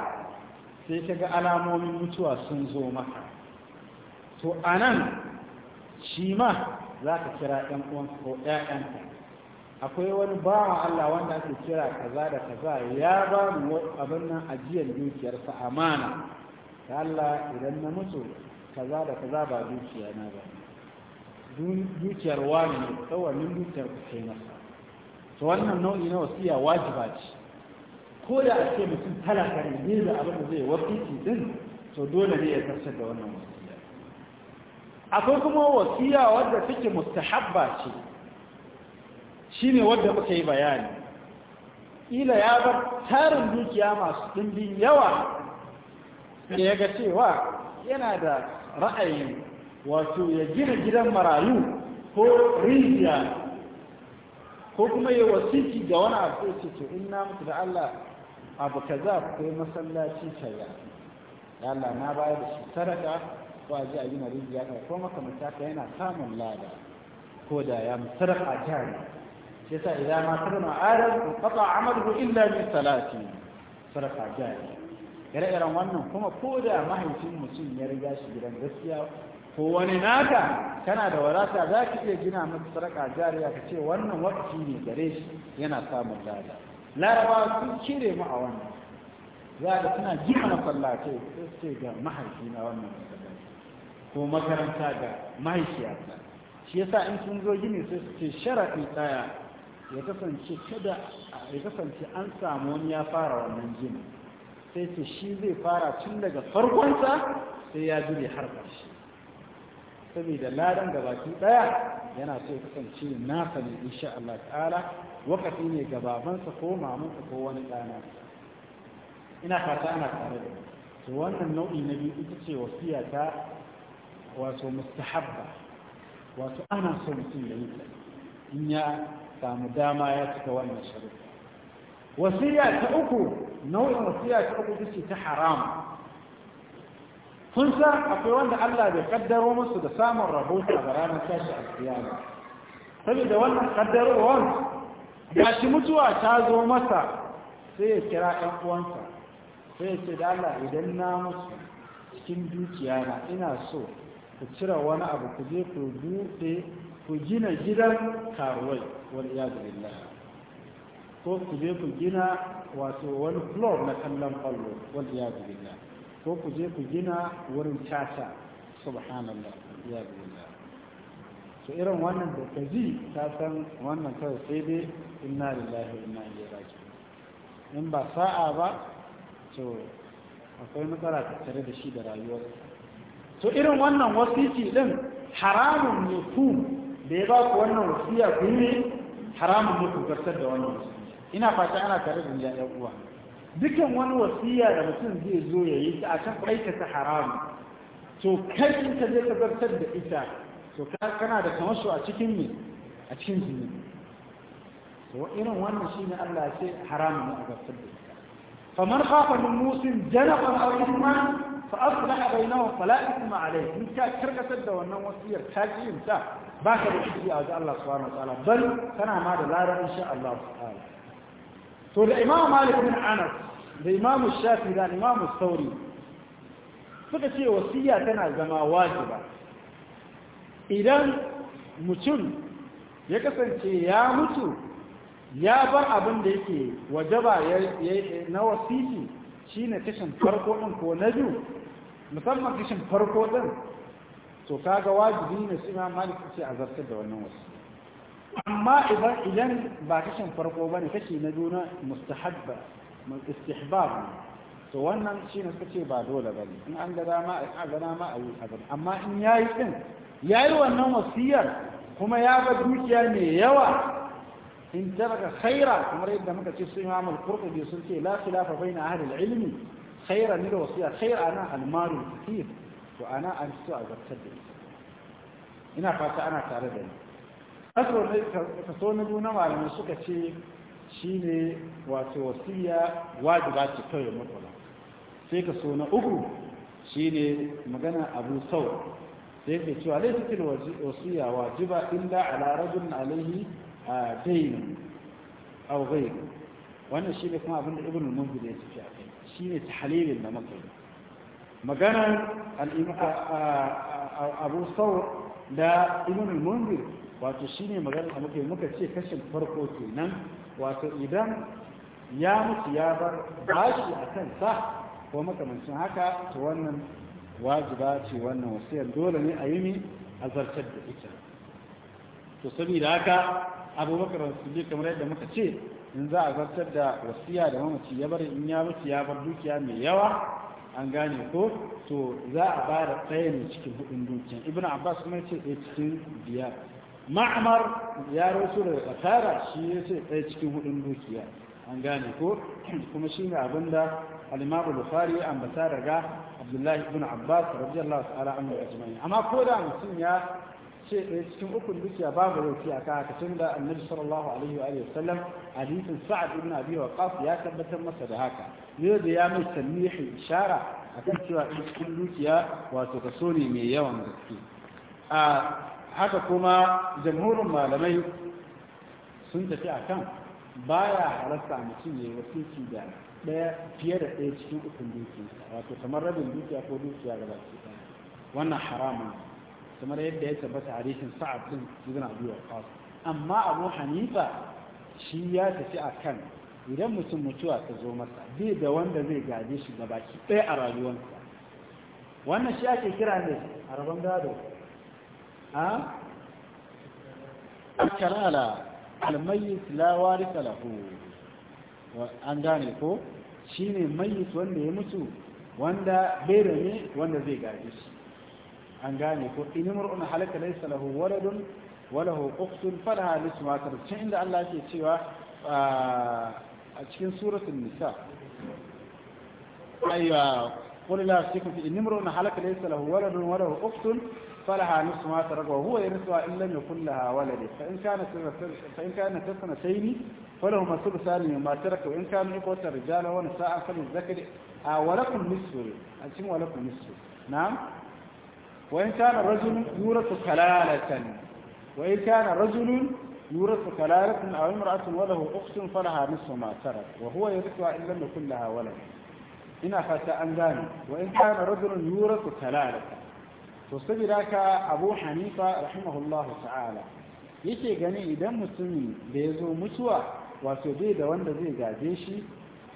sai ka ga alamomin mutuwa sun zo maka to anan shi ma za ka kira ɗan uwanka ko ‘ya'yanka akwai wani bawa Allah wanda ake kira kaza da kaza ya ba mu abin nan ajiyar dukiyarsa amana da Allah idan na mutu kaza da kaza ba dukiya na ba dukiyar wani ne tsawonin dukiyar ku kai masa to wannan nau'i na wasiya wajiba ce ko da a ce mutum talaka ne ne da abin da zai wasiki din to dole ne ya karshe da wannan wasiya akwai kuma wasiya wadda take mustahabba ce Shi ne wanda muka yi bayani ila ya bar tarin dukiya masu dimbin yawa da ya ga cewa yana da ra'ayi wato ya gina gidan marayu ko rijiya ko kuma ya wasiki ga wani abu ce ce in na mutu da Allah abu ka za ku yi masallaci kaza ya Allah na bayar da shi sadaka ko a ji a gina rijiya ko makamata ka yana samun lada ko da ya sadaka jari yasa idan ma sirma adam qata amaluhu illa min salati sarfa jari ire-iren wannan kuma ko da mahaifin mutum ya riga shi gidan gaskiya ko wani naka kana da wadata za ka iya gina masa sarka jariya ka ce wannan wakki ne gare shi yana samun lada laraba sun cire mu a wannan za da suna gina na sai su ce ga mahaifi na wannan masallaci ko makaranta ga mahaifiyarsa shi yasa in sun zo gini sai su ce sharaɗi ɗaya ya kasance kada ya kasance an samu wani ya fara wannan jini, sai ce shi zai fara tun daga farkonsa sai ya jure har ƙarshe saboda ladan gabaki ɗaya, yana so ya kasance nasa ne insha Allah ta'ala wakati ne gababansa ko mamansa ko wani ɗana ina fata ana tare da to wannan nau'i na biyu ita ce wasiya ta wato mustahabba wato ana so mutum ya yi in ya samu dama ya cika wannan shirin. wasiya ta uku nau'in wasiya ta uku ta ta haram kun akwai wanda Allah bai kaddaro musu da samun rahoto a ranar tashi a kiyama saboda wannan kaddarowar ya shi mutuwa ta zo masa sai ya kira ɗan uwansa sai ya ce da Allah idan na musu cikin dukiya na ina so ku cire wani abu ku je ku ku gina gidan karuwai wal'iyadu billah ko ku je ku gina wato wani club na kallon kwallo wal'iyadu billah ko ku je ku gina wurin caca subhanallah wal'iyadu billah to irin wannan da ka ji ta san wannan kawai sai dai inna lillahi wa inna ilaihi raji'un in ba sa'a ba to akwai matsala ta tare da shi da rayuwar to irin wannan wasiti din haramun ne ku da ya ba ku wannan wasiya ku yi haramun mutum karsar da wani wasu ina fata ana tare da ya uwa dukan wani wasiya da mutum zai zo ya yi ta a ɓaita ta haramu to kai in ka zai tabbatar da ita to kana da kamasho a cikin me a cikin jini to irin wannan shine Allah ya ce haramun mutum karsar da ita faman khafa min musin janafan aw ithman fa aslaha bainahum fala ithma alayhi in ka kirkatar da wannan wasiyar ta ji in ta baka da shi a ga Allah subhanahu wa ta'ala bal kana ma da lara insha Allah ta'ala to da Imam Malik bin Anas da Imam Shafi da Imam Sauri suka ce wasiya tana zama wajiba idan mutum ya kasance ya mutu ya bar abin da yake wajaba na wasiki shine kashin farko ɗin ko na biyu musamman kishin farko din to kaga wajibi ne su ma malik ce a zartar da wannan wasu amma idan ba kashin farko bane kashi na juna mustahabba mun istihbab to wannan shi shine suka ce ba dole bane in an ga dama a ga dama a yi abin amma in yayi din yayi wannan wasiyar kuma ya ga dukiya mai yawa in taraka khaira kamar yadda muka ce su imam al-qurtubi sun ce la khilafa baina ahli al-ilmi khaira ni da wasiya khair ana almaru kafir to ana an so a zartar da ita ina fata ana tare da ni asro ne kaso na biyu na malamai suka ce shine wato wasiya wajiba ce kawai mutlaq sai so na uku shine magana abu sau sai ke cewa laifatil wasiya wajiba illa ala rajulin alaihi dayn aw ghayr wannan shine kuma abin da ibnu munzir ya ce shine tahlilin da muka yi maganar abu sau da ibn munzir wato shine maganar da muka muka ce kashin farko kenan wato idan ya mutu ya bar bashi a kansa ko makamancin haka ta wannan wajiba ce wannan wasiyar dole ne a yi mi a zartar da ita to saboda haka abubakar siddiq kamar yadda muka ce in za a zartar da wasiya da mamaci ya bari in ya mutu ya bar dukiya mai yawa an gane ko to za a ba da tsaye ne cikin hudun dukiya ibn abbas kuma ya ce ɗaya cikin biyar ma'amar ya rasu da tsakara shi ya ce ɗaya cikin hudun dukiya an gane ko kuma shi ne abin da alimabu bukhari ya ambata daga abdullahi ibn abbas radiyallahu ta'ala anhu ajma'in amma ko da mutum ya ce ɗaya cikin ukun dukiya babu rauki a kan haka tun da annabi sallallahu alaihi wa alihi wasallam hadisin sa'ad ibn abi waqas ya tabbatar masa da haka ne da ya mai tanmihi ishara akan cewa ɗaya cikin dukiya wato kaso ne mai yawan gaske a haka kuma jamhurin malamai sun tafi akan baya halarta mutum ya wasiki da ɗaya fiye da ɗaya cikin ukun dukiya wato kamar rabin dukiya ko dukiya gaba ɗaya wannan haramun kamar yadda ya tabbata hadisin sa'ad bin ibn abi waqas amma abu hanifa shi ya tafi akan idan mutum mutuwa ta zo masa bai da wanda zai gaje shi ga baki ɗaya a rayuwarsa wannan shi ake kira ne a rabon gado a karala almayis la warisa lahu an gane ko shine mayis wanda ya mutu wanda bai da ne wanda zai gaje shi an gane ko in mur'un halaka laysa lahu waladun wa lahu ukhtun falaha nisfu can. inda Allah ke cewa a cikin suratul nisa ayya qul la yasikum in mur'un halaka laysa lahu waladun wa lahu ukhtun فلها نصف ما ترك وهو يرثها إن لم يكن لها ولد فإن كانت فإن كانت سنتين فلهما ثلثان مما ترك وإن كانوا إخوة رجالا ونساء فللذكر ولكم نصف أنتم ولكم نصف نعم وإن كان رجل يورث كلالة وإن كان رجل يورث كلالة أو امرأة وله أخت فلها نصف ما ترك وهو يرثها إن لم يكن لها ولد ina fata an gane wa in kana rajulun yurasu talalata to saboda ka Abu Hanifa rahimahullahu ta'ala yake gani idan mutumin da ya zo mutuwa wato bai da wanda zai gaje shi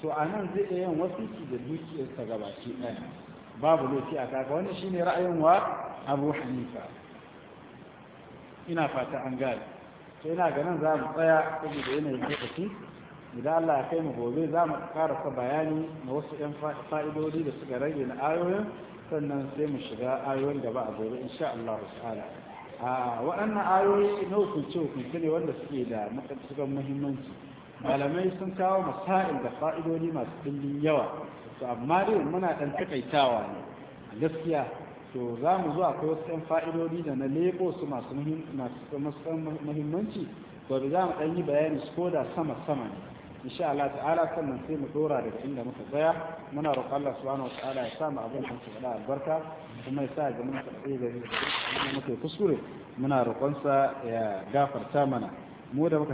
to anan zai iya yin wasiki da dukiyarsa gabaki ɗaya babu lokaci a kaka wannan shine ra'ayin wa abu hanifa ina fata an gane Sai ina ganin za mu tsaya da yanayin lokaci idan Allah ya kai mu gobe za mu karasa bayani na wasu 'yan fa'idodi da suka rage na ayoyin sannan sai mu shiga ayoyin da ba a gobe insha Allah ta'ala a waɗannan ayoyi na hukunce hukunce ne wanda suke da matsatsukan muhimmanci malamai sun kawo masail da fa'idodi masu ɗimbin yawa to amma dai muna ɗan takaitawa ne gaskiya to za mu zo akwai wasu ɗan fa'idodi da na lebo su masu muhimmanci gobe za mu ɗan yi bayani su koda sama sama ne In sha Allah ta'ala sannan sai mu dora daga inda muka tsaya muna roƙon Allah subhanahu wata'ala ya sa mu abin da su da albarka kuma ya sa ga mun tsare da muke kuskure muna roƙon sa ya gafarta mana mu da muka